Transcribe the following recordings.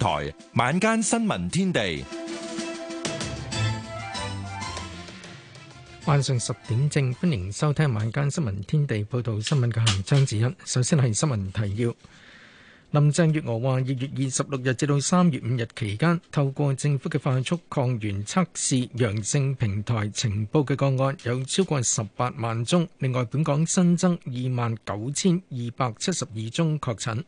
台晚間新聞天地，晚上十點正，歡迎收聽晚間新聞天地報道新聞嘅行張子欣。首先係新聞提要，林鄭月娥話：二月二十六日至到三月五日期間，透過政府嘅快速抗原測試陽性平台情報嘅個案有超過十八萬宗。另外，本港新增二萬九千二百七十二宗確診。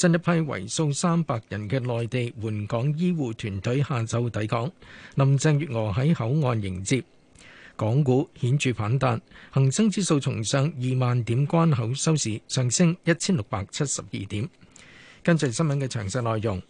新一批為數三百人嘅內地援港醫護團隊下晝抵港，林鄭月娥喺口岸迎接。港股顯著反彈，恒生指數重上二萬點關口，收市上升一千六百七十二點。跟住新聞嘅詳細內容。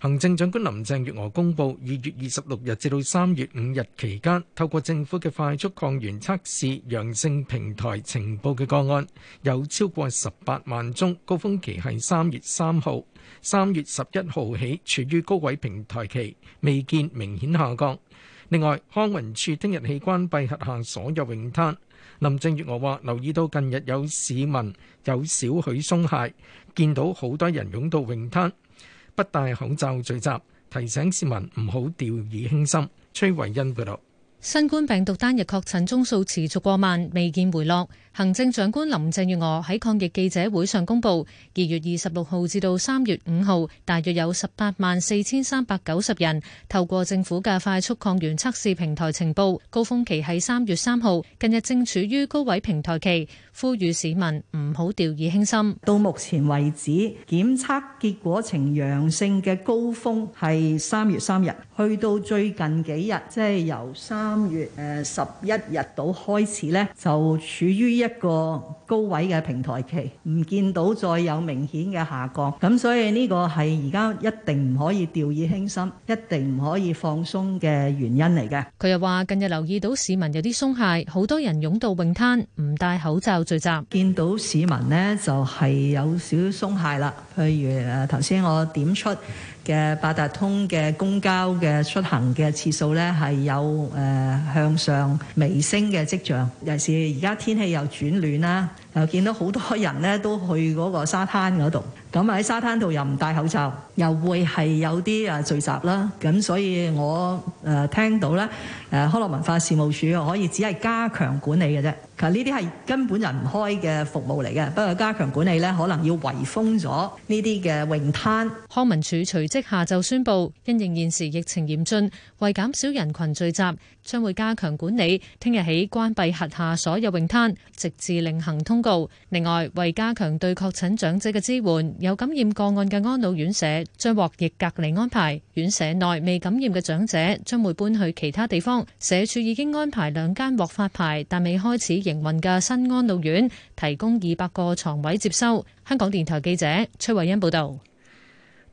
行政長官林鄭月娥公布，二月二十六日至到三月五日期間，透過政府嘅快速抗原測試陽性平台呈報嘅個案有超過十八萬宗，高峰期係三月三號，三月十一號起處於高位平台期，未見明顯下降。另外，康文署聽日起關閉轄下所有泳灘。林鄭月娥話：留意到近日有市民有少許鬆懈，見到好多人湧到泳灘。不戴口罩聚集，提醒市民唔好掉以輕心。崔慧恩報道。新冠病毒單日確診宗數持續過萬，未見回落。行政長官林鄭月娥喺抗疫記者會上公布，二月二十六號至到三月五號，大約有十八萬四千三百九十人透過政府嘅快速抗原測試平台呈報，高峰期係三月三號，近日正處於高位平台期，呼籲市民唔好掉以輕心。到目前為止，檢測結果呈陽性嘅高峰係三月三日，去到最近幾日，即係由三三月誒十一日到開始咧，就處於一個高位嘅平台期，唔見到再有明顯嘅下降。咁所以呢個係而家一定唔可以掉以輕心，一定唔可以放鬆嘅原因嚟嘅。佢又話：近日留意到市民有啲鬆懈，好多人湧到泳灘，唔戴口罩聚集，見到市民呢就係有少少鬆懈啦。譬如誒，頭先我點出嘅八達通嘅公交嘅出行嘅次數咧係有誒、呃、向上微升嘅跡象，尤其是而家天氣又轉暖啦，又見到好多人咧都去嗰個沙灘嗰度，咁啊喺沙灘度又唔戴口罩，又會係有啲誒聚集啦，咁所以我誒、呃、聽到咧誒康樂文化事務署可以只係加強管理嘅啫。呢啲係根本就唔開嘅服務嚟嘅，不過加強管理呢，可能要圍封咗呢啲嘅泳灘。康文署隨即下晝宣布，因應現時疫情嚴峻，為減少人群聚集，將會加強管理，聽日起關閉轄下所有泳灘，直至另行通告。另外，為加強對確診長者嘅支援，有感染個案嘅安老院舍將獲疫隔離安排，院舍內未感染嘅長者將會搬去其他地方。社署已經安排兩間獲發牌但未開始。營運嘅新安老院提供二百個床位接收。香港電台記者崔慧欣報道。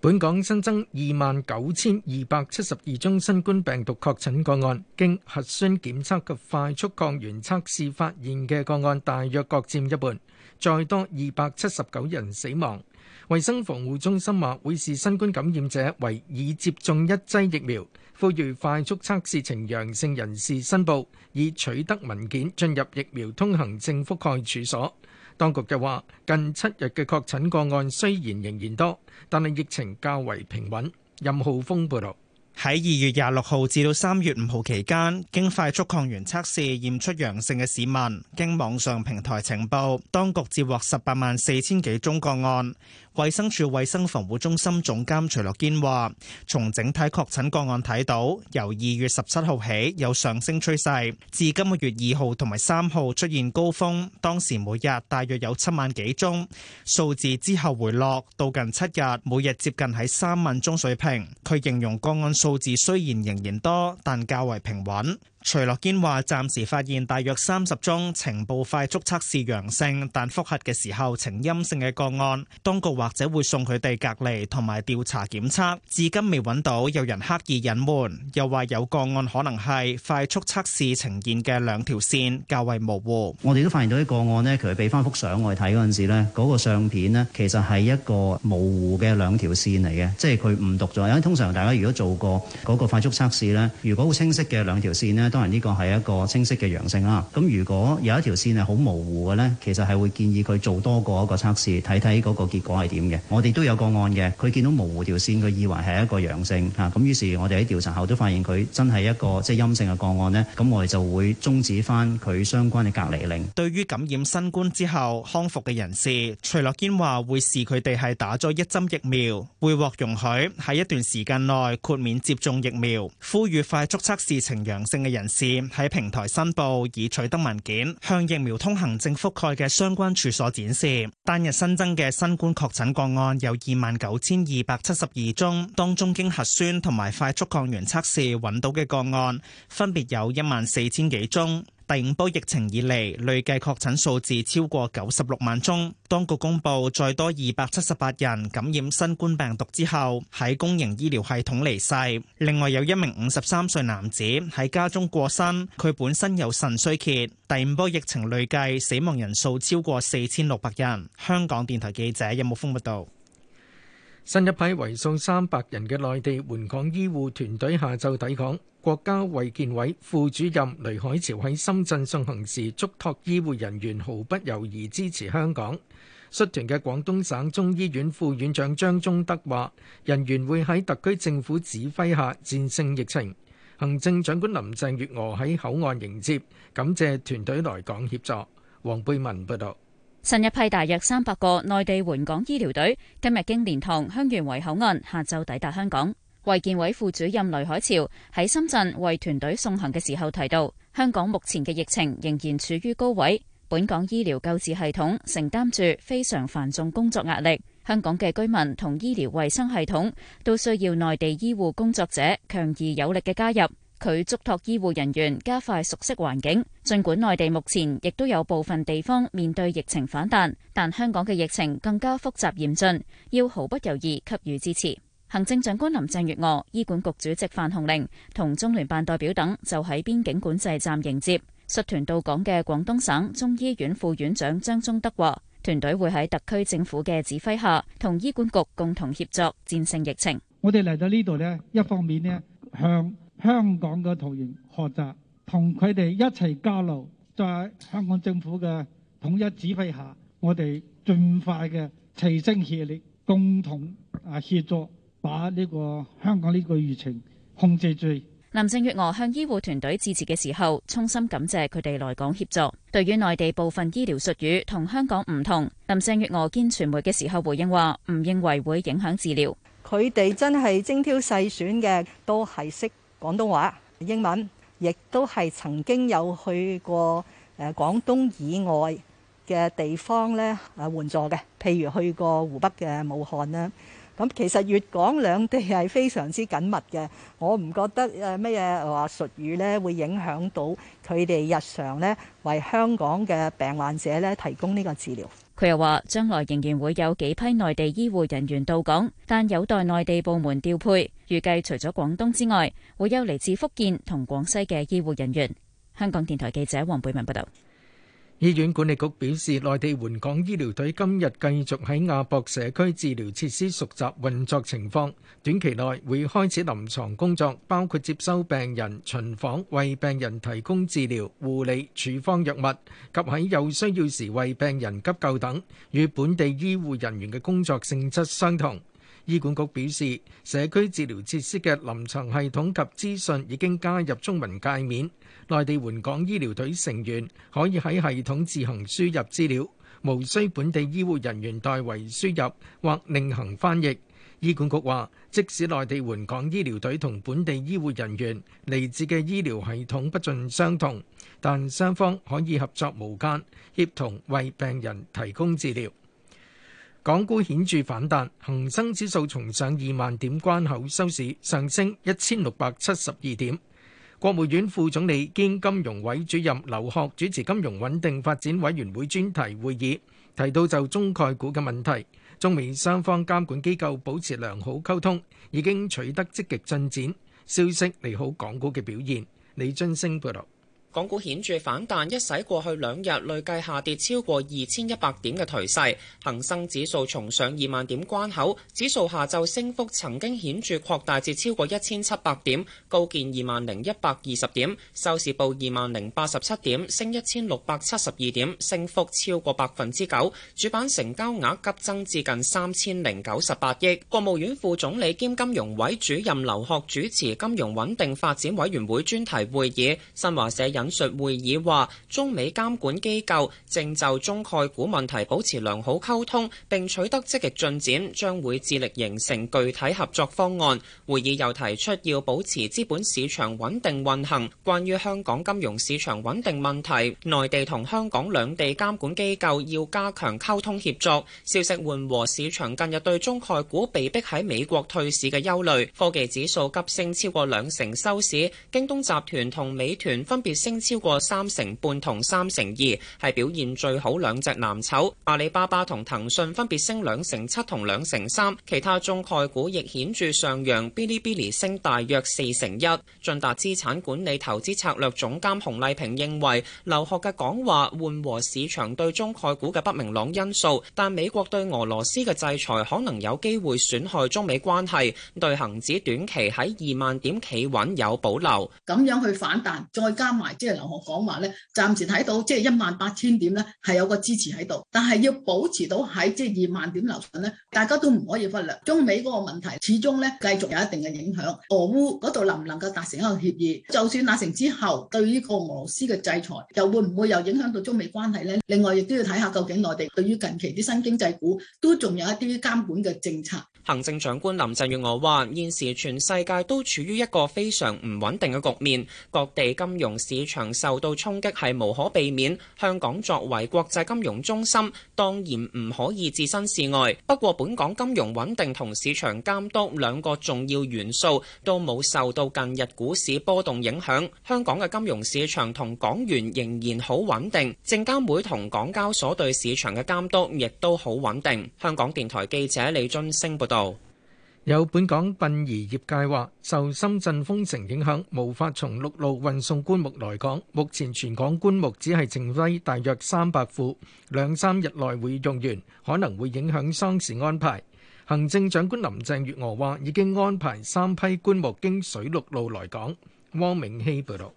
本港新增二萬九千二百七十二宗新冠病毒確診個案，經核酸檢測及快速抗原測試發現嘅個案大約各佔一半，再多二百七十九人死亡。衛生防護中心話會視新冠感染者為已接種一劑疫苗，呼籲快速測試呈陽性人士申報，以取得文件進入疫苗通行證覆蓋處所。當局又話近七日嘅確診個案雖然仍然多，但係疫情較為平穩。任浩峰報道：喺二月廿六號至到三月五號期間，經快速抗原測試驗出陽性嘅市民，經網上平台呈報，當局接獲十八萬四千幾宗個案。衛生署衛生防護中心總監徐樂堅話，從整體確診個案睇到，由二月十七號起有上升趨勢，至今個月二號同埋三號出現高峰，當時每日大約有七萬幾宗。數字之後回落，到近七日每日接近喺三萬宗水平。佢形容個案數字雖然仍然多，但較為平穩。徐樂堅話：暫時發現大約三十宗情報快速測試陽性，但複核嘅時候呈陰性嘅個案，當局或者會送佢哋隔離同埋調查檢測。至今未揾到有人刻意隱瞞，又話有個案可能係快速測試呈現嘅兩條線較為模糊。我哋都發現到啲個案咧，佢俾翻幅相我哋睇嗰陣時呢嗰、嗰個相片呢，其實係一個模糊嘅兩條線嚟嘅，即係佢誤讀咗。因為通常大家如果做過嗰個快速測試呢，如果好清晰嘅兩條線呢。當然呢個係一個清晰嘅陽性啦。咁如果有一條線係好模糊嘅呢，其實係會建議佢做多個一個測試，睇睇嗰個結果係點嘅。我哋都有個案嘅，佢見到模糊條線，佢以為係一個陽性嚇。咁於是我哋喺調查後都發現佢真係一個即係陰性嘅個案呢。咁我哋就會中止返佢相關嘅隔離令。對於感染新冠之後康復嘅人士，徐樂堅話會視佢哋係打咗一針疫苗，會獲容許喺一段時間內豁免接種疫苗。呼籲快速測試呈陽性嘅人，人喺平台申報已取得文件，向疫苗通行證覆蓋嘅相關處所展示。單日新增嘅新冠確診個案有二萬九千二百七十二宗，當中經核酸同埋快速抗原測試揾到嘅個案分別有一萬四千幾宗。第五波疫情以嚟，累計確診數字超過九十六萬宗，當局公布再多二百七十八人感染新冠病毒之後，喺公營醫療系統離世。另外有一名五十三歲男子喺家中過身，佢本身有腎衰竭。第五波疫情累計死亡人數超過四千六百人。香港電台記者任木峰報道。新一批為數三百人嘅內地援港醫護團隊下晝抵港，國家衛健委副主任雷海潮喺深圳送行時，囑託醫護人員毫不猶豫支持香港。率團嘅廣東省中醫院副院長張忠德話：人員會喺特區政府指揮下戰勝疫情。行政長官林鄭月娥喺口岸迎接，感謝團隊來港協助。黃貝文報道。新一批大約三百個內地援港醫療隊今日經蓮塘、香園圍口岸，下晝抵達香港。衛健委副主任雷海潮喺深圳為團隊送行嘅時候提到，香港目前嘅疫情仍然處於高位，本港醫療救治系統承擔住非常繁重工作壓力，香港嘅居民同醫療衞生系統都需要內地醫護工作者強而有力嘅加入。佢囑託醫護人員加快熟悉環境。盡管內地目前亦都有部分地方面對疫情反彈，但香港嘅疫情更加複雜嚴峻，要毫不猶豫給予支持。行政長官林鄭月娥、醫管局主席范鴻齡同中聯辦代表等就喺邊境管制站迎接率團到港嘅廣東省中醫院副院長張忠德話，團隊會喺特區政府嘅指揮下，同醫管局共同協助戰勝疫情。我哋嚟到呢度咧，一方面咧向。香港嘅同仁學習，同佢哋一齊交流，在香港政府嘅統一指揮下，我哋盡快嘅齊聲協力，共同啊協助把呢、這個香港呢個疫情控制住。林鄭月娥向醫護團隊致辭嘅時候，衷心感謝佢哋來港協助。對於內地部分醫療術語同香港唔同，林鄭月娥見傳媒嘅時候回應話：唔認為會影響治療。佢哋真係精挑細選嘅，都係識。廣東話、英文，亦都係曾經有去過誒廣東以外嘅地方咧，誒援助嘅，譬如去過湖北嘅武漢啦。咁其實粵港兩地係非常之緊密嘅，我唔覺得誒乜嘢話術語咧會影響到佢哋日常咧為香港嘅病患者咧提供呢個治療。佢又話：將來仍然會有幾批內地醫護人員到港，但有待內地部門調配。預計除咗廣東之外，會有嚟自福建同廣西嘅醫護人員。香港電台記者黃貝文報道。醫院管理局表示，內地援港醫療隊今日繼續喺亞博社區治療設施熟習運作情況，短期內會開始臨床工作，包括接收病人、巡房、為病人提供治療、護理、處方藥物及喺有需要時為病人急救等，與本地醫護人員嘅工作性質相同。醫管局表示，社區治療設施嘅臨床系統及資訊已經加入中文界面。內地援港醫療隊成員可以喺系統自行輸入資料，無需本地醫護人員代為輸入或另行翻譯。醫管局話，即使內地援港醫療隊同本地醫護人員嚟自嘅醫療系統不盡相同，但雙方可以合作無間，協同為病人提供治療。港股顯著反彈，恒生指數重上二萬點關口收市，上升一千六百七十二點。國務院副總理兼金融委主任劉鶴主持金融穩定發展委員會專題會議，提到就中概股嘅問題，中美雙方監管機構保持良好溝通，已經取得積極進展，消息利好港股嘅表現。李津星報道。港股顯著反彈，一洗過去兩日累計下跌超過二千一百點嘅頹勢，恒生指數重上二萬點關口，指數下晝升幅曾經顯著擴大至超過一千七百點，高見二萬零一百二十點，收市報二萬零八十七點，升一千六百七十二點，升幅超過百分之九，主板成交額急增至近三千零九十八億。國務院副總理兼金融委主任劉鶴主持金融穩定發展委員會專題會議，新華社引。講述會議話，中美監管機構正就中概股問題保持良好溝通，並取得積極進展，將會致力形成具體合作方案。會議又提出要保持資本市場穩定運行。關於香港金融市場穩定問題，內地同香港兩地監管機構要加強溝通協作。消息緩和市場近日對中概股被逼喺美國退市嘅憂慮，科技指數急升超過兩成收市。京東集團同美團分別升。超過三成半同三成二，係表現最好兩隻藍籌，阿里巴巴同騰訊分別升兩成七同兩成三，其他中概股亦顯著上揚。嗶哩嗶哩升大約四成一。駿達資產管理投資策略總監洪麗萍認為，劉鶴嘅講話緩和市場對中概股嘅不明朗因素，但美國對俄羅斯嘅制裁可能有機會損害中美關係，對恒指短期喺二萬點企穩有保留。咁樣去反彈，再加埋。即係劉學講話咧，暫時睇到即係一萬八千點咧，係有個支持喺度。但係要保持到喺即係二萬點樓上咧，大家都唔可以忽略中美嗰個問題，始終咧繼續有一定嘅影響。俄烏嗰度能唔能夠達成一個協議？就算達成之後，對於個俄羅斯嘅制裁又會唔會又影響到中美關係咧？另外亦都要睇下究竟內地對於近期啲新經濟股都仲有一啲監管嘅政策。行政長官林鄭月娥話：現時全世界都處於一個非常唔穩定嘅局面，各地金融市場受到衝擊係無可避免。香港作為國際金融中心，當然唔可以置身事外。不過，本港金融穩定同市場監督兩個重要元素都冇受到近日股市波動影響。香港嘅金融市場同港元仍然好穩定，證監會同港交所對市場嘅監督亦都好穩定。香港電台記者李津升報道。有本港殯儀業界話，受深圳封城影響，無法從陸路運送棺木來港。目前全港棺木只係剩低大約三百副，兩三日內會用完，可能會影響喪事安排。行政長官林鄭月娥話，已經安排三批棺木經水陸路來港。汪明希報道。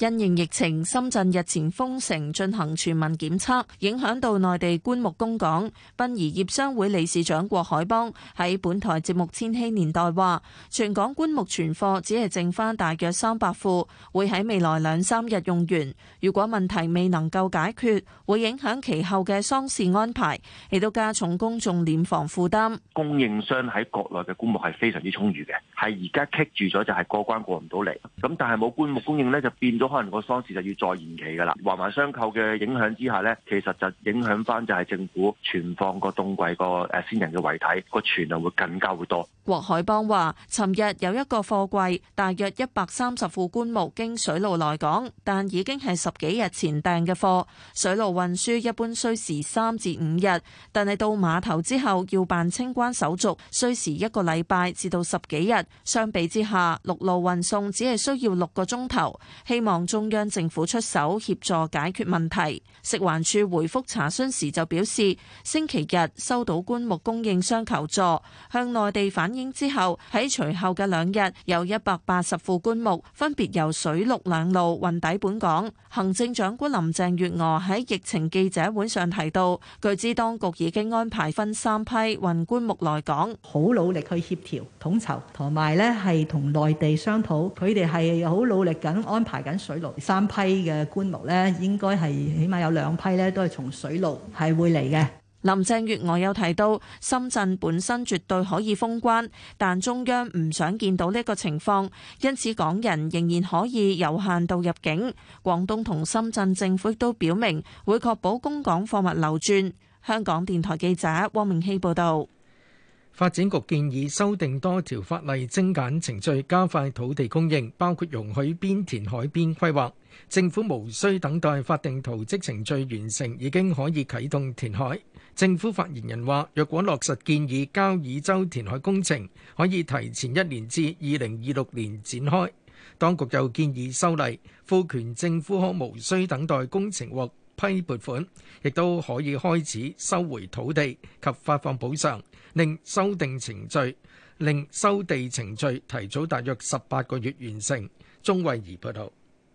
因應疫情，深圳日前封城進行全民檢測，影響到內地棺木供港。殯儀業商會理事長郭海邦喺本台節目《千禧年代》話，全港棺木存貨只係剩返大約三百副，會喺未來兩三日用完。如果問題未能夠解決，會影響其後嘅喪事安排，亦都加重公眾殮房負擔。供應商喺國內嘅棺木係非常之充裕嘅，係而家棘住咗就係過關過唔到嚟。咁但係冇棺木供應呢，就變咗。可能個喪事就要再延期噶啦，環環相扣嘅影響之下咧，其實就影響翻就係政府存放個冬季個誒先人嘅遺體個存量會更加會多。郭海邦話，尋日有一個貨櫃，大約一百三十副棺木經水路來港，但已經係十幾日前訂嘅貨。水路運輸一般需時三至五日，但係到碼頭之後要辦清關手續，需時一個禮拜至到十幾日。相比之下，陸路運送只係需要六個鐘頭，希望。中央政府出手協助解決問題。食環署回復查詢時就表示，星期日收到棺木供應商求助，向內地反映之後，喺隨後嘅兩日，有一百八十副棺木分別由水陸兩路運抵本港。行政長官林鄭月娥喺疫情記者會上提到，據知當局已經安排分三批運棺木來港，好努力去協調統籌，同埋呢係同內地商討，佢哋係好努力緊安排緊。水路三批嘅棺木呢，應該係起碼有兩批呢都係從水路係會嚟嘅。林鄭月娥有提到，深圳本身絕對可以封關，但中央唔想見到呢個情況，因此港人仍然可以有限度入境。廣東同深圳政府亦都表明會確保供港貨物流轉，香港電台記者汪明熙報道。發展局建議修訂多條法例，精簡程序，加快土地供應，包括容許邊填海邊規劃。政府無需等待法定圖則程序完成，已經可以啟動填海。政府發言人話：若果落實建議，交椅洲填海工程可以提前一年至二零二六年展開。當局又建議修例，賦權政府可無需等待工程獲批撥款，亦都可以開始收回土地及發放補償。令修訂程序，令收地程序提早大約十八個月完成。鍾慧儀報道。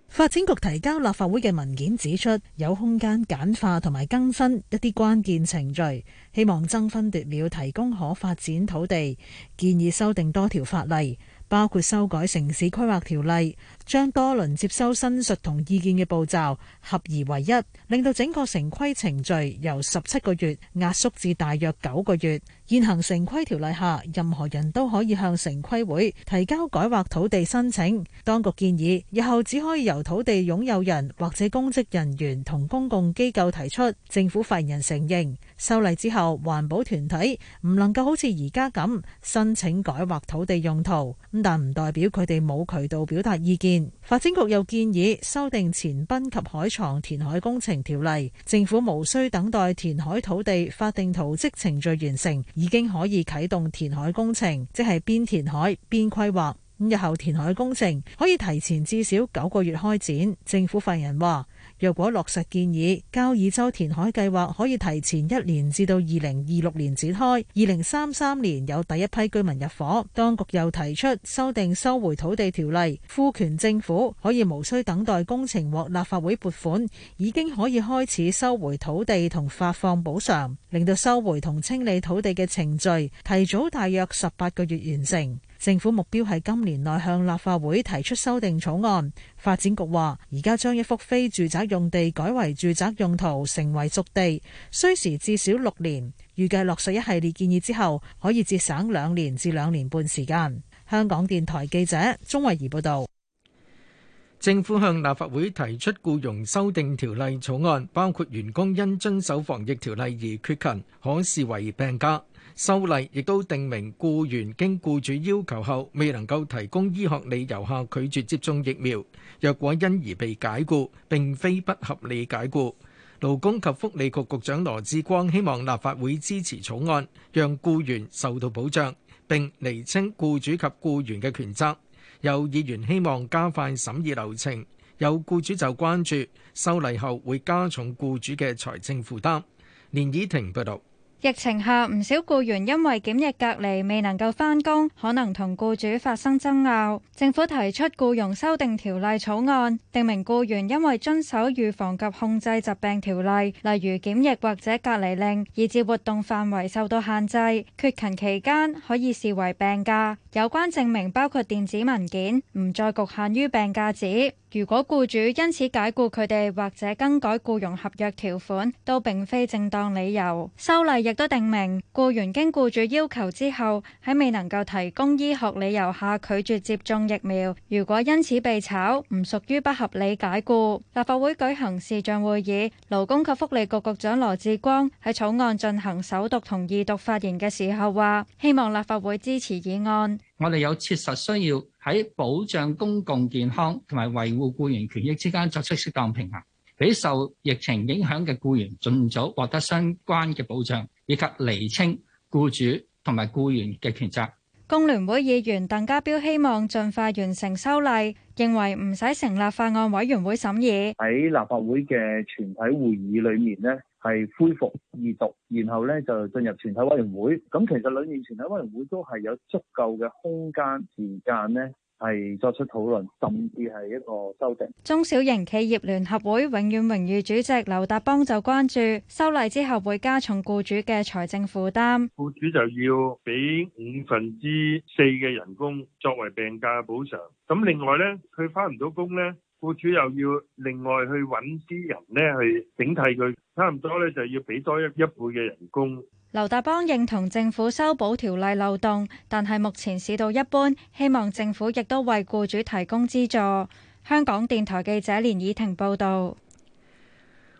發展局提交立法會嘅文件指出，有空間簡化同埋更新一啲關鍵程序，希望爭分奪秒提供可發展土地，建議修訂多條法例，包括修改城市規劃條例。將多輪接收申述同意見嘅步驟合而為一，令到整個城規程序由十七個月壓縮至大約九個月。現行城規條例下，任何人都可以向城規會提交改劃土地申請。當局建議日後只可以由土地擁有人或者公職人員同公共機構提出。政府發言人承認，修例之後環保團體唔能夠好似而家咁申請改劃土地用途，咁但唔代表佢哋冇渠道表達意見。發展局又建議修訂《前濱及海床填海工程條例》，政府無需等待填海土地法定圖則程序完成，已經可以啟動填海工程，即係邊填海邊規劃。五日後填海工程可以提前至少九個月開展。政府發言人話。若果落實建議，交椅洲填海計劃可以提前一年至到二零二六年展開，二零三三年有第一批居民入伙。當局又提出修訂收回土地條例，賦權政府可以無需等待工程或立法會撥款，已經可以開始收回土地同發放補償，令到收回同清理土地嘅程序提早大約十八個月完成。政府目標係今年內向立法會提出修訂草案。發展局話，而家將一幅非住宅用地改為住宅用途，成為熟地，需時至少六年。預計落實一系列建議之後，可以節省兩年至兩年半時間。香港電台記者鍾慧儀報導。政府向立法會提出僱傭修訂條例草案，包括員工因遵守防疫條例而缺勤，可視為病假。修例亦都定明，僱員經僱主要求後，未能夠提供醫學理由下拒絕接種疫苗，若果因而被解僱，並非不合理解僱。勞工及福利局局長羅致光希望立法會支持草案，讓僱員受到保障，並釐清僱主及僱員嘅權責。有議員希望加快審議流程，有僱主就關注修例後會加重僱主嘅財政負擔。連倚婷報導。疫情下，唔少僱員因為檢疫隔離未能夠返工，可能同僱主發生爭拗。政府提出僱傭修訂條例草案，定明僱員因為遵守預防及控制疾病條例，例如檢疫或者隔離令，以致活動範圍受到限制，缺勤期間可以視為病假。有關證明包括電子文件，唔再局限於病假紙。如果僱主因此解僱佢哋或者更改僱傭合約條款，都並非正當理由。修例亦都定明，僱員經僱主要求之後，喺未能夠提供醫學理由下拒絕接種疫苗，如果因此被炒，唔屬於不合理解僱。立法會舉行視像會議，勞工及福利局局長羅致光喺草案進行首讀同二讀發言嘅時候話，希望立法會支持議案。，我哋有切實需要喺保障公共健康同埋維護僱員權益之間作出適當平衡，俾受疫情影響嘅僱員盡早獲得相關嘅保障，以及厘清僱主同埋僱員嘅權責。工聯會議員鄧家彪希望盡快完成修例，認為唔使成立法案委員會審議。喺立法會嘅全體會議裏面咧係恢復二讀，然後咧就進入全體委員會。咁其實兩年全體委員會都係有足夠嘅空間時間咧，係作出討論，甚至係一個修訂。中小型企業聯合會永遠榮譽主席劉達邦就關注，修例之後會加重雇主嘅財政負擔。雇主就要俾五分之四嘅人工作為病假嘅補償。咁另外咧，佢返唔到工咧。雇主又要另外去揾啲人咧，去頂替佢，差唔多咧就要俾多一一倍嘅人工。劉達邦認同政府修補條例漏洞，但係目前市道一般，希望政府亦都為雇主提供資助。香港電台記者連怡婷報道。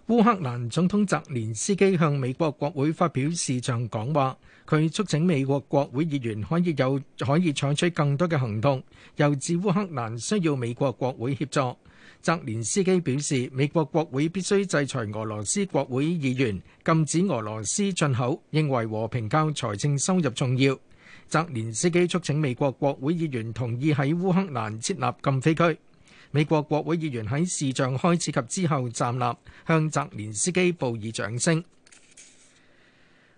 烏克蘭總統澤連斯基向美國國會發表視像講話。佢促請美國國會議員可以有可以採取更多嘅行動，又指烏克蘭需要美國國會協助。澤連斯基表示，美國國會必須制裁俄羅斯國會議員，禁止俄羅斯進口，認為和平較財政收入重要。澤連斯基促請美國國會議員同意喺烏克蘭設立禁飛區。美國國會議員喺視像開始及之後站立，向澤連斯基報以掌聲。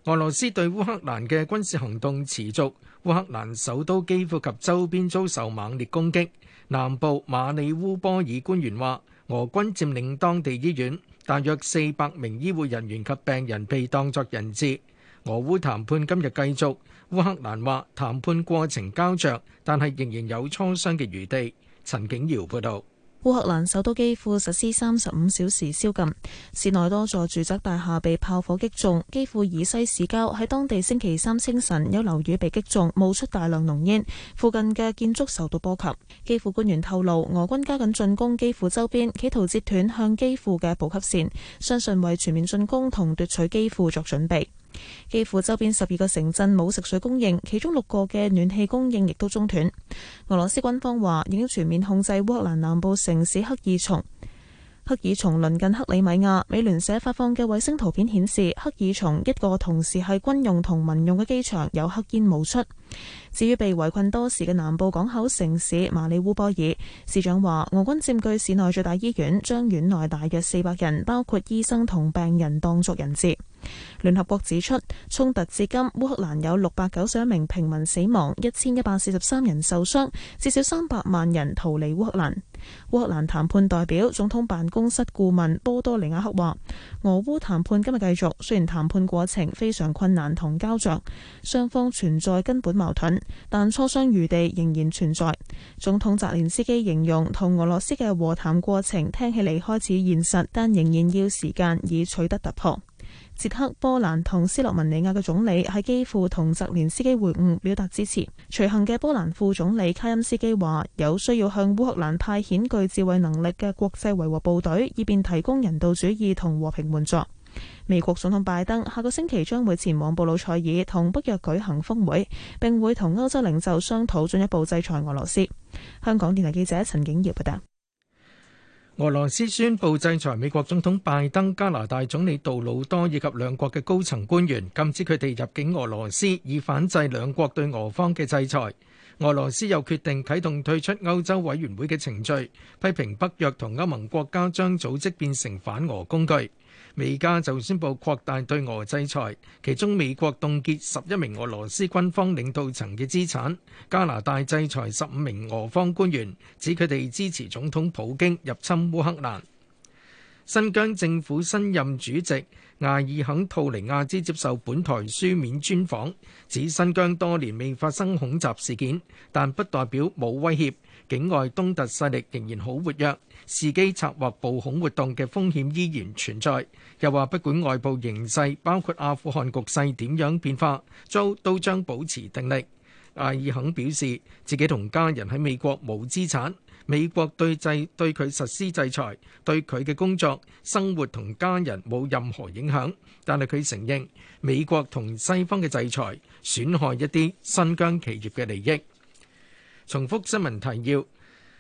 俄羅斯對烏克蘭嘅軍事行動持續，烏克蘭首都基輔及周邊遭受猛烈攻擊。南部馬里烏波爾官員話，俄軍佔領當地醫院，大約四百名醫護人員及病人被當作人質。俄烏談判今日繼續，烏克蘭話談判過程膠着，但係仍然有磋商嘅餘地。陳景堯報道。烏克蘭首都基輔實施三十五小時宵禁，市內多座住宅大廈被炮火擊中。基輔以西市郊喺當地星期三清晨有樓宇被擊中，冒出大量濃煙，附近嘅建築受到波及。基輔官員透露，俄軍加緊進攻基輔周邊，企圖截斷向基輔嘅補給線，相信為全面進攻同奪取基輔作準備。幾乎周邊十二個城鎮冇食水供應，其中六個嘅暖氣供應亦都中斷。俄羅斯軍方話已經全面控制烏克蘭南部城市克爾松。克爾松鄰近克里米亞。美聯社發放嘅衛星圖片顯示，克爾松一個同時係軍用同民用嘅機場有黑煙冒出。至於被圍困多時嘅南部港口城市馬里烏波爾，市長話俄軍佔據市內最大醫院，將院內大約四百人，包括醫生同病人，當作人質。聯合國指出，衝突至今，烏克蘭有六百九十一名平民死亡，一千一百四十三人受傷，至少三百萬人逃離烏克蘭。烏克蘭談判代表、總統辦公室顧問波多利亞克話，俄烏談判今日繼續，雖然談判過程非常困難同膠着，雙方存在根本矛盾，但磋商餘地仍然存在。總統澤連斯基形容，同俄羅斯嘅和談過程聽起嚟開始現實，但仍然要時間以取得突破。捷克、波蘭同斯洛文尼亞嘅總理喺基輔同澤連斯基會晤，表達支持。隨行嘅波蘭副總理卡恩斯基話：有需要向烏克蘭派遣具智慧能力嘅國際維和部隊，以便提供人道主義同和，和平援助。美國總統拜登下個星期將會前往布魯塞爾同北約舉行峰會，並會同歐洲領袖商討進一步制裁俄羅斯。香港電台記者陳景業報道。俄羅斯宣布制裁美國總統拜登、加拿大總理杜魯多以及兩國嘅高層官員，禁止佢哋入境俄羅斯，以反制兩國對俄方嘅制裁。俄羅斯又決定啟動退出歐洲委員會嘅程序，批評北約同歐盟國家將組織變成反俄工具。美加就宣布擴大對俄制裁，其中美國凍結十一名俄羅斯軍方領導層嘅資產，加拿大制裁十五名俄方官員，指佢哋支持總統普京入侵烏克蘭。新疆政府新任主席艾爾肯·吐尼亞孜接受本台書面專訪，指新疆多年未發生恐襲事件，但不代表冇威脅，境外東突勢力仍然好活躍，伺機策劃暴恐活動嘅風險依然存在。又話不管外部形勢，包括阿富汗局勢點樣變化，都都將保持定力。艾爾肯表示自己同家人喺美國冇資產，美國對制對佢實施制裁，對佢嘅工作、生活同家人冇任何影響。但係佢承認美國同西方嘅制裁損害一啲新疆企業嘅利益。重複新聞提要。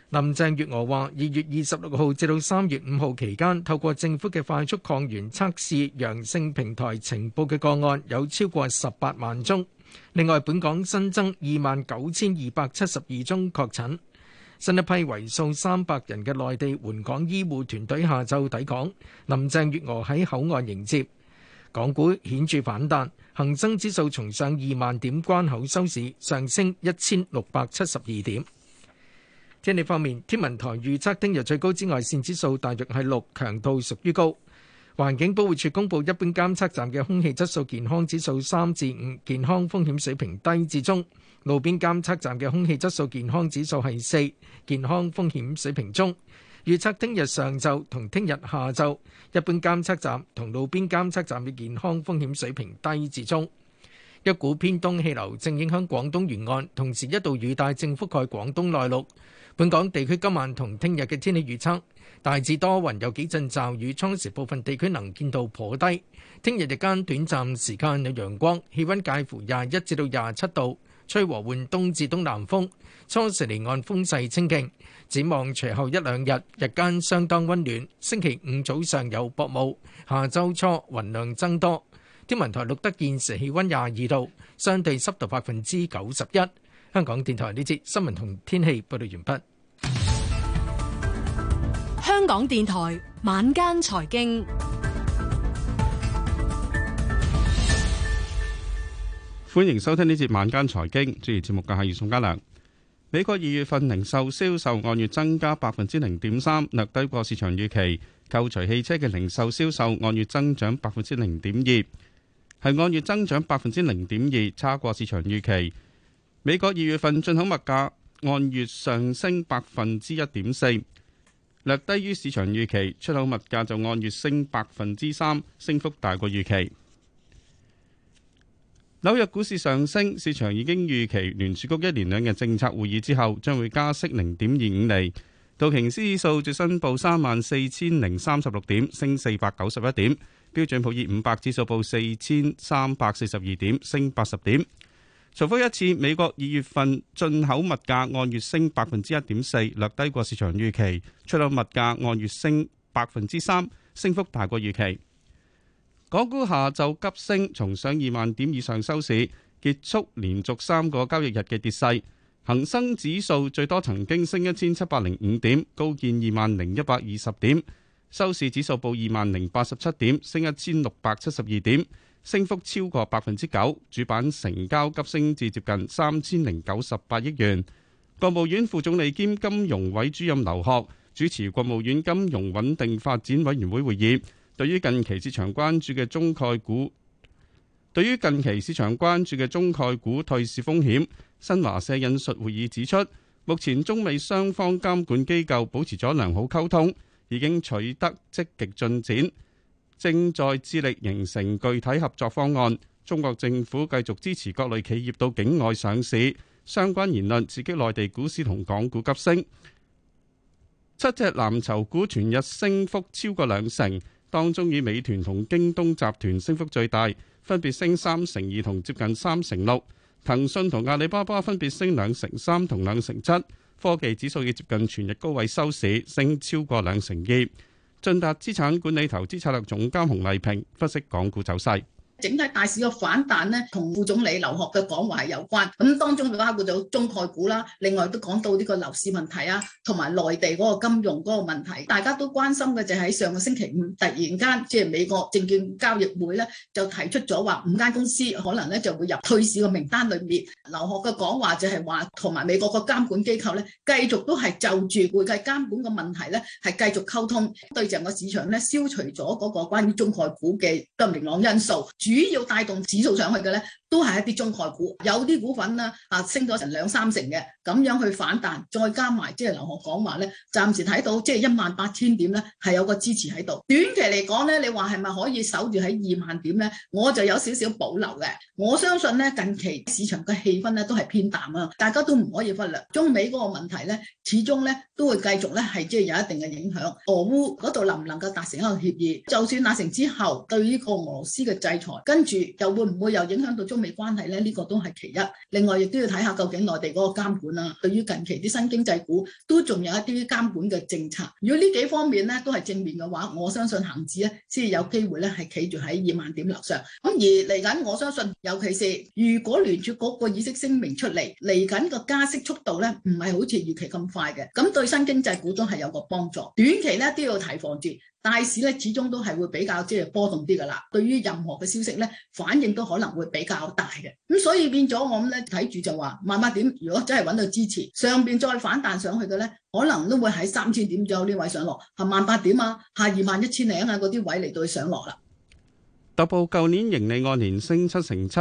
林鄭月娥話：二月二十六號至到三月五號期間，透過政府嘅快速抗原測試陽性平台情報嘅個案有超過十八萬宗。另外，本港新增二萬九千二百七十二宗確診。新一批為數三百人嘅內地援港醫護團隊下晝抵港，林鄭月娥喺口岸迎接。港股顯著反彈，恒生指數重上二萬點關口收市，上升一千六百七十二點。天氣方面，天文台預測聽日最高紫外線指數大約係六，強度屬於高。環境保護署公布，一般監測站嘅空氣質素健康指數三至五，健康風險水平低至中；路邊監測站嘅空氣質素健康指數係四，健康風險水平中。預測聽日上晝同聽日下晝，一般監測站同路邊監測站嘅健康風險水平低至中。一股偏東氣流正影響廣東沿岸，同時一道雨帶正覆蓋廣東內陸。本港地區今晚同聽日嘅天氣預測大致多雲，有幾陣驟雨，初時部分地區能見度頗低。聽日日間短暫時間有陽光，氣温介乎廿一至到廿七度，吹和緩東至東南風，初時離岸風勢清勁。展望隨後一兩日日間相當温暖，星期五早上有薄霧，下周初雲量增多。天文台錄得現時氣温廿二度，相對濕度百分之九十一。香港電台呢節新聞同天氣報道完畢。香港電台晚間財經，歡迎收聽呢節晚間財經。主持節目嘅係宋嘉良。美國二月份零售銷售，售按月增加百分之零點三，略低過市場預期。扣除汽車嘅零售銷售，售按月增長百分之零點二，係按月增長百分之零點二，差過市場預期。美國二月份進口物價按月上升百分之一點四，略低於市場預期；出口物價就按月升百分之三，升幅大過預期。紐約股市上升，市場已經預期聯儲局一連兩日政策會議之後將會加息零點二五厘，道瓊斯指數最新報三萬四千零三十六點，升四百九十一點；標準普爾五百指數報四千三百四十二點，升八十點。重複一次，美國二月份進口物價按月升百分之一點四，略低過市場預期；出口物價按月升百分之三，升幅大過預期。港股下晝急升，重上二萬點以上收市，結束連續三個交易日嘅跌勢，恒生指數最多曾經升一千七百零五點，高見二萬零一百二十點，收市指數報二萬零八十七點，升一千六百七十二點升幅超過百分之九，主板成交急升至接近三千零九十八億元。國務院副總理兼金融委主任劉鶴主持國務院金融穩定發展委員會會議，對於近期市場關注嘅中概股，對於近期市場關注嘅中概股退市風險，新華社引述會議指出，目前中美雙方監管機構保持咗良好溝通，已經取得積極進展。正在致力形成具體合作方案。中國政府繼續支持各類企業到境外上市。相關言論刺激內地股市同港股急升，七隻藍籌股全日升幅超過兩成，當中以美團同京東集團升幅最大，分別升三成二同接近三成六。騰訊同阿里巴巴分別升兩成三同兩成七。科技指數已接近全日高位收市，升超過兩成二。駿達資產管理投資策略總監洪麗平分析港股走勢。整體大市嘅反彈咧，同副總理劉鶴嘅講話係有關。咁當中佢包括咗中概股啦，另外都講到呢個樓市問題啊，同埋內地嗰個金融嗰個問題。大家都關心嘅就喺上個星期五突然間，即係美國證券交易會咧就提出咗話五間公司可能咧就會入退市個名單裏面。劉鶴嘅講話就係話，同埋美國個監管機構咧繼續都係就住會計監管個問題咧係繼續溝通，對住個市場咧消除咗嗰個關於中概股嘅不明朗因素。主要帶動指數上去嘅咧？都係一啲中概股，有啲股份咧啊升咗成兩三成嘅，咁樣去反彈，再加埋即係劉鶴講話咧，暫時睇到即係一萬八千點咧係有個支持喺度。短期嚟講咧，你話係咪可以守住喺二萬點咧？我就有少少保留嘅。我相信咧近期市場嘅氣氛咧都係偏淡啊，大家都唔可以忽略中美嗰個問題咧，始終咧都會繼續咧係即係有一定嘅影響。俄烏嗰度能唔能夠達成一個協議？就算達成之後，對呢個俄羅斯嘅制裁，跟住又會唔會又影響到中？中美關係咧，呢、這個都係其一。另外亦都要睇下究竟內地嗰個監管啦。對於近期啲新經濟股，都仲有一啲監管嘅政策。如果呢幾方面咧都係正面嘅話，我相信恒指咧先至有機會咧係企住喺二萬點樓上。咁而嚟緊，我相信尤其是如果聯儲嗰個議息聲明出嚟，嚟緊個加息速度咧唔係好似預期咁快嘅，咁對新經濟股都係有個幫助。短期咧都要提防住。大市咧始終都係會比較即係波動啲噶啦，對於任何嘅消息咧，反應都可能會比較大嘅。咁、嗯、所以變咗我咧睇住就話萬八點，如果真係揾到支持上邊再反彈上去嘅咧，可能都會喺三千點左右呢位上落，係萬八點啊，下二萬一千零啊嗰啲位嚟到上落啦。特步舊年盈利按年升七成七，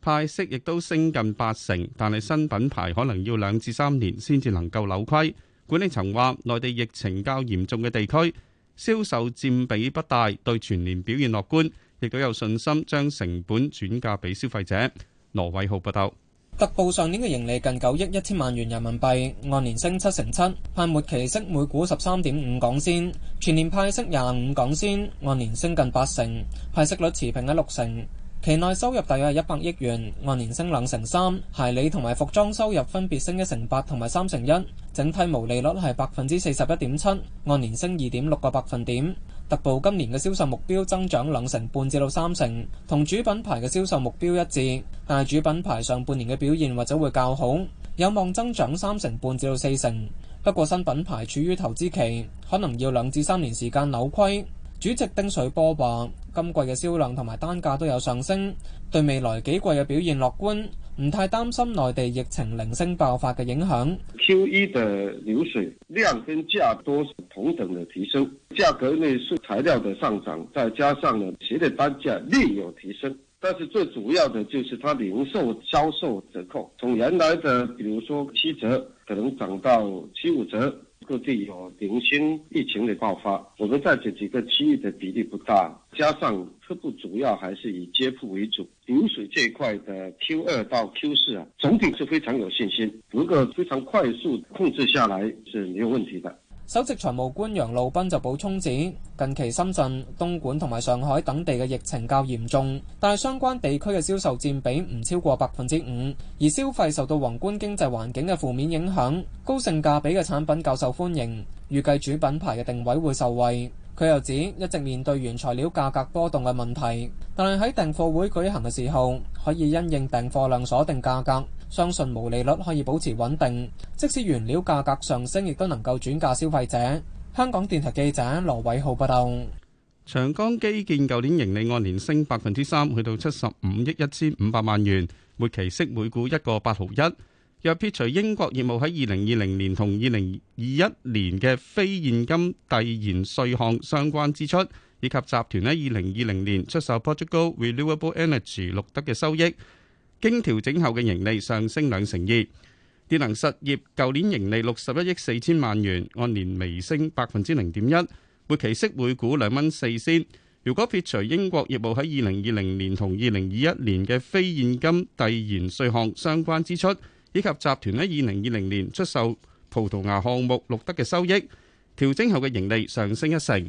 派息亦都升近八成，但係新品牌可能要兩至三年先至能夠扭虧。管理層話內地疫情較嚴重嘅地區，銷售佔比不大，對全年表現樂觀，亦都有信心將成本轉嫁俾消費者。羅偉浩報道，特步上年嘅盈利近九億一千萬元人民幣，按年升七成七，派末期息每股十三點五港仙，全年派息廿五港仙，按年升近八成，派息率持平喺六成。期內收入大約係一百億元，按年升兩成三。鞋履同埋服裝收入分別升一成八同埋三成一，整體毛利率係百分之四十一點七，按年升二點六個百分點。特步今年嘅銷售目標增長兩成半至到三成，同主品牌嘅銷售目標一致。但係主品牌上半年嘅表現或者會較好，有望增長三成半至到四成。不過新品牌處於投資期，可能要兩至三年時間扭虧。主席丁水波話：今季嘅銷量同埋單價都有上升，對未來幾季嘅表現樂觀，唔太擔心內地疫情零星爆發嘅影響。QE 嘅流水量跟價多是同等嘅提升，價格類似材料嘅上漲，再加上呢其嘅單價略有提升，但是最主要嘅就是它零售銷售折扣，從原來的，比如說七折，可能漲到七五折。各地有零星疫情的爆發，我們在這幾個區域的比例不大，加上客戶主要還是以接觸為主，流水這一塊的 Q 二到 Q 四啊，整體是非常有信心，如果非常快速控制下來是沒有問題的。首席財務官楊路斌就補充指，近期深圳、東莞同埋上海等地嘅疫情較嚴重，但係相關地區嘅銷售佔比唔超過百分之五。而消費受到宏觀經濟環境嘅負面影響，高性價比嘅產品較受歡迎。預計主品牌嘅定位會受惠。佢又指一直面對原材料價格波動嘅問題，但係喺訂貨會舉行嘅時候，可以因應訂貨量鎖定價格。相信毛利率可以保持穩定，即使原料價格上升，亦都能夠轉嫁消費者。香港電台記者羅偉浩報道。長江基建舊年盈利按年升百分之三，去到七十五億一千五百萬元，每期息每股一個八毫一。若撇除英國業務喺二零二零年同二零二一年嘅非現金遞延稅項相關支出，以及集團喺二零二零年出售 Portugal Renewable Energy 錄得嘅收益。經調整後嘅盈利上升兩成二。電能實業舊年盈利六十一億四千萬元，按年微升百分之零點一。活期息每股兩蚊四仙。如果撇除英國業務喺二零二零年同二零二一年嘅非現金遞延稅項相關支出，以及集團喺二零二零年出售葡萄牙項目錄得嘅收益，調整後嘅盈利上升一成。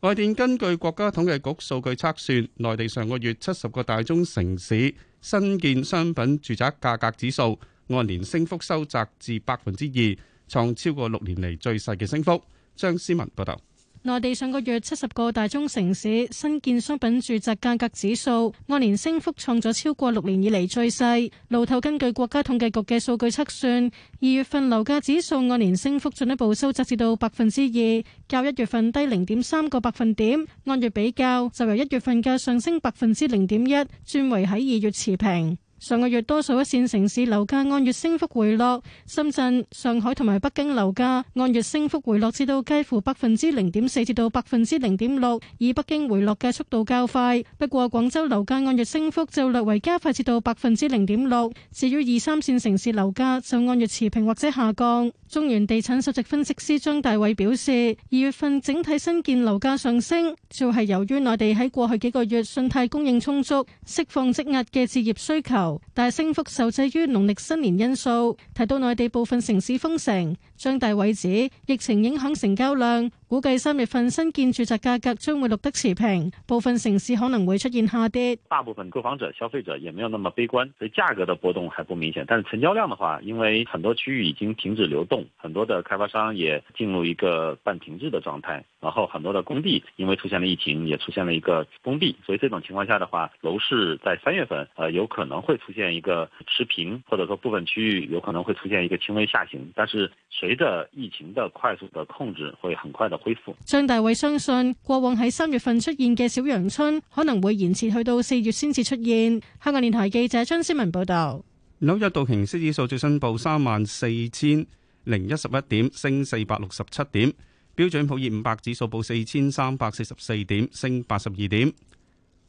外電根據國家統計局數據測算，內地上個月七十個大中城市，新建商品住宅價格指數按年升幅收窄至百分之二，創超過六年嚟最細嘅升幅。張思文報道。內地上個月七十個大中城市新建商品住宅價格指數按年升幅創咗超過六年以嚟最細。路透根據國家統計局嘅數據測算，二月份樓價指數按年升幅進一步收窄至到百分之二，較一月份低零點三個百分點。按月比較，就由一月份嘅上升百分之零點一轉為喺二月持平。上個月多數一線城市樓價按月升幅回落，深圳、上海同埋北京樓價按月升幅回落至，至到介乎百分之零點四至到百分之零點六，以北京回落嘅速度較快。不過廣州樓價按月升幅就略為加快至，至到百分之零點六。至於二三線城市樓價就按月持平或者下降。中原地產首席分析師張大偉表示，二月份整體新建樓價上升，就係、是、由於內地喺過去幾個月信貸供應充足，釋放積壓嘅置業需求。大升幅受制於農曆新年因素，提到內地部分城市封城。張大偉指疫情影響成交量，估計三月份新建住宅價格將會錄得持平，部分城市可能會出現下跌。大部分購房者、消費者也沒有那麼悲觀，所以價格的波動還不明顯。但是成交量的話，因為很多區域已經停止流動，很多的開發商也進入一個半停滯的狀態，然後很多的工地因為出現了疫情，也出現了一個封閉。所以這種情況下的話，樓市在三月份，呃，有可能會出現一個持平，或者說部分區域有可能會出現一個輕微下行。但是隨隨着疫情的快速的控制，會很快的恢復。張大偉相信，過往喺三月份出現嘅小陽春，可能會延遲去到四月先至出現。香港電台記者張思文報道。紐約道瓊斯指數最新報三萬四千零一十一點，升四百六十七點。標準普爾五百指數報四千三百四十四點，升八十二點。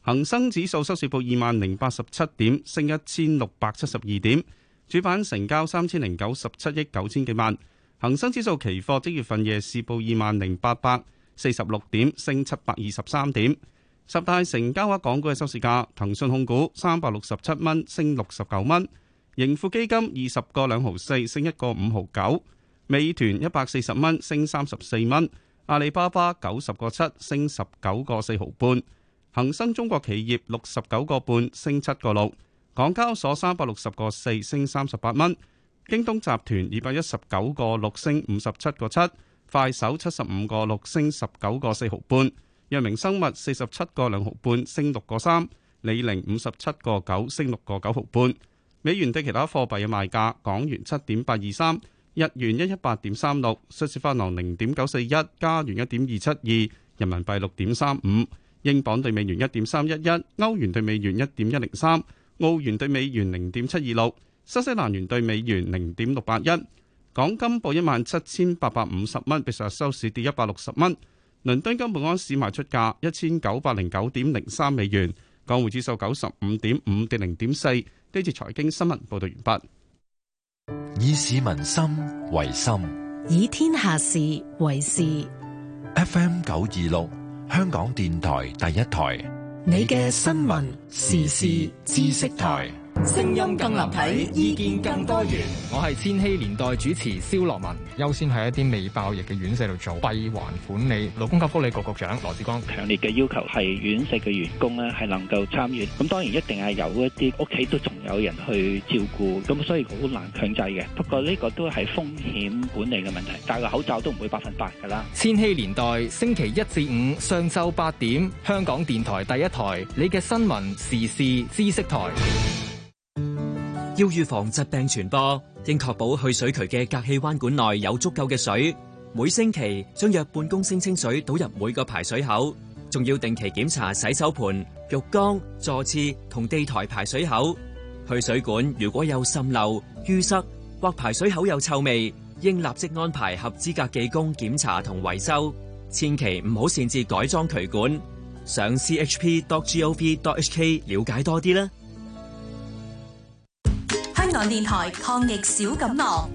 恒生指數收市報二萬零八十七點，升一千六百七十二點。主板成交三千零九十七億九千幾萬。恒生指數期貨即月份夜市報二萬零八百四十六點，升七百二十三點。十大成交額港股嘅收市價：騰訊控股三百六十七蚊，升六十九蚊；盈富基金二十個兩毫四，升一個五毫九；美團一百四十蚊，升三十四蚊；阿里巴巴九十個七，升十九個四毫半；恒生中國企業六十九個半，升七個六；港交所三百六十個四，升三十八蚊。京東集團二百一十九個六升五十七個七，快手七十五個六升十九個四毫半，藥明生物四十七個兩毫半升六個三，李寧五十七個九升六個九毫半。美元對其他貨幣嘅賣價：港元七點八二三，日元一一八點三六，瑞士法郎零點九四一，加元一點二七二，人民幣六點三五，英鎊對美元一點三一一，歐元對美元一點一零三，澳元對美元零點七二六。新西蘭元對美元零點六八一，港金報一萬七千八百五十蚊，比上日收市跌一百六十蚊。倫敦金報安市賣出價一千九百零九點零三美元。港匯指數九十五點五跌零點四。呢節財經新聞報道完畢。以市民心為心，以天下事為事。F M 九二六，香港電台第一台，你嘅新聞時事知識台。聲音更立體，意見更多元。我係千禧年代主持蕭樂文。優 先喺一啲未爆疫嘅院舍度做閉環管理。勞工及福利局局，局長羅致光強烈嘅要求係院舍嘅員工咧係能夠參與。咁當然一定係有一啲屋企都仲有人去照顧，咁所以好難強制嘅。不過呢個都係風險管理嘅問題。戴個口罩都唔會百分百噶啦。千禧年代星期一至五上晝八點，香港電台第一台，你嘅新聞時事知識台。要預防疾病傳播，應確保去水渠嘅隔氣彎管內有足夠嘅水。每星期將約半公升清水倒入每個排水口，仲要定期檢查洗手盆、浴缸、坐廁同地台排水口。去水管如果有滲漏、淤塞或排水口有臭味，應立即安排合資格技工檢查同維修。千祈唔好擅自改裝渠管。上 chp.gov.hk 了解多啲啦。香港電台抗疫小錦囊：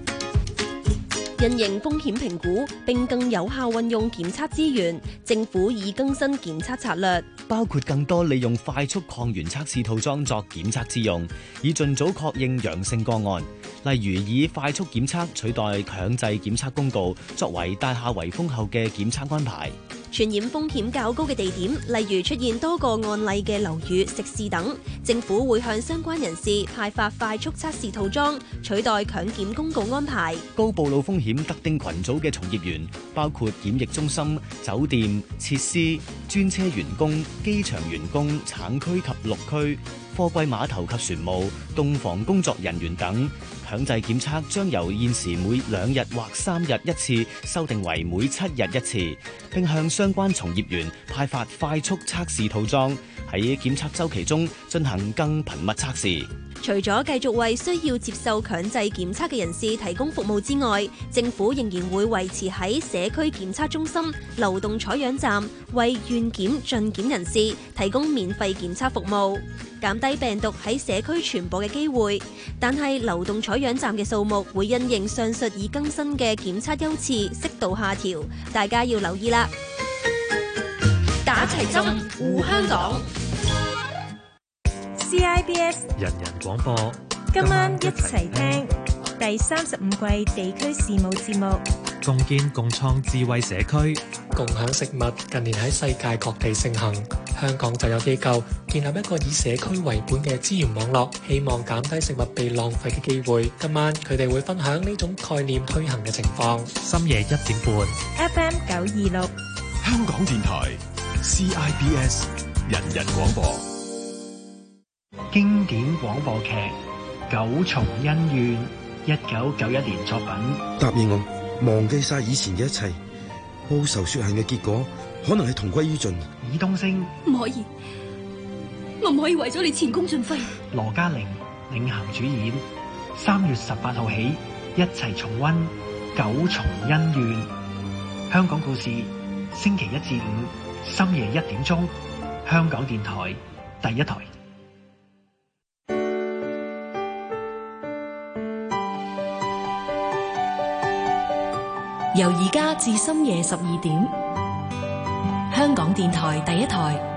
因應風險評估，並更有效運用檢測資源。政府已更新檢測策略，包括更多利用快速抗原測試套裝作檢測之用，以盡早確認陽性個案。例如，以快速檢測取代強制檢測公告，作為大廈圍封後嘅檢測安排。傳染風險較高嘅地點，例如出現多個案例嘅樓宇、食肆等，政府會向相關人士派發快速測試套裝，取代強檢公告安排。高暴露風險特定群組嘅從業員，包括檢疫中心、酒店、設施、專車員工、機場員工、產區及陸區。貨櫃碼頭及船務、凍房工作人員等強制檢測，將由現時每兩日或三日一次，修訂為每七日一次，並向相關從業員派發快速測試套裝，喺檢測周期中進行更頻密測試。除咗繼續為需要接受強制檢測嘅人士提供服務之外，政府仍然會維持喺社區檢測中心、流動採樣站為願檢盡檢人士提供免費檢測服務，減低病毒喺社區傳播嘅機會。但係流動採樣站嘅數目會因應上述已更新嘅檢測優次適度下調，大家要留意啦！打齊針，護香港。CIBS 人人廣播，今晚一齊聽第三十五季地區事務節目。共建共創智慧社區，共享食物近年喺世界各地盛行，香港就有機構建立一個以社區為本嘅資源網絡，希望減低食物被浪費嘅機會。今晚佢哋會分享呢種概念推行嘅情況。深夜一點半，FM 九二六，香港電台 CIBS 人人廣播。經典廣播劇《九重恩怨》，一九九一年作品。答應我，忘記晒以前嘅一切。報仇雪恨嘅結果，可能係同歸於盡。以東昇，唔可以，我唔可以為咗你前功盡廢。羅嘉玲領銜主演，三月十八號起一齊重溫《九重恩怨》。香港故事，星期一至五深夜一點鐘，香港電台第一台。由而家至深夜十二點，香港電台第一台。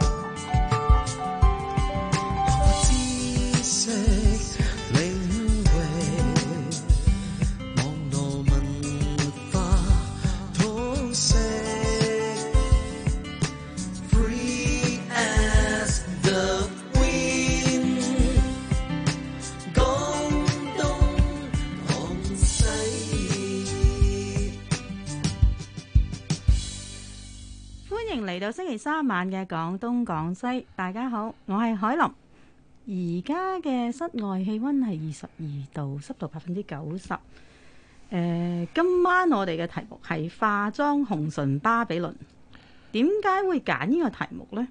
星期三晚嘅廣東廣西，大家好，我係海琳。而家嘅室外氣溫係二十二度，濕度百分之九十。誒、呃，今晚我哋嘅題目係化妝紅唇巴比倫。點解會揀呢個題目咧？誒、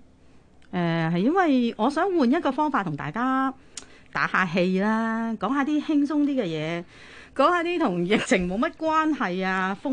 呃，係因為我想換一個方法同大家打下氣啦，講下啲輕鬆啲嘅嘢，講下啲同疫情冇乜關係啊。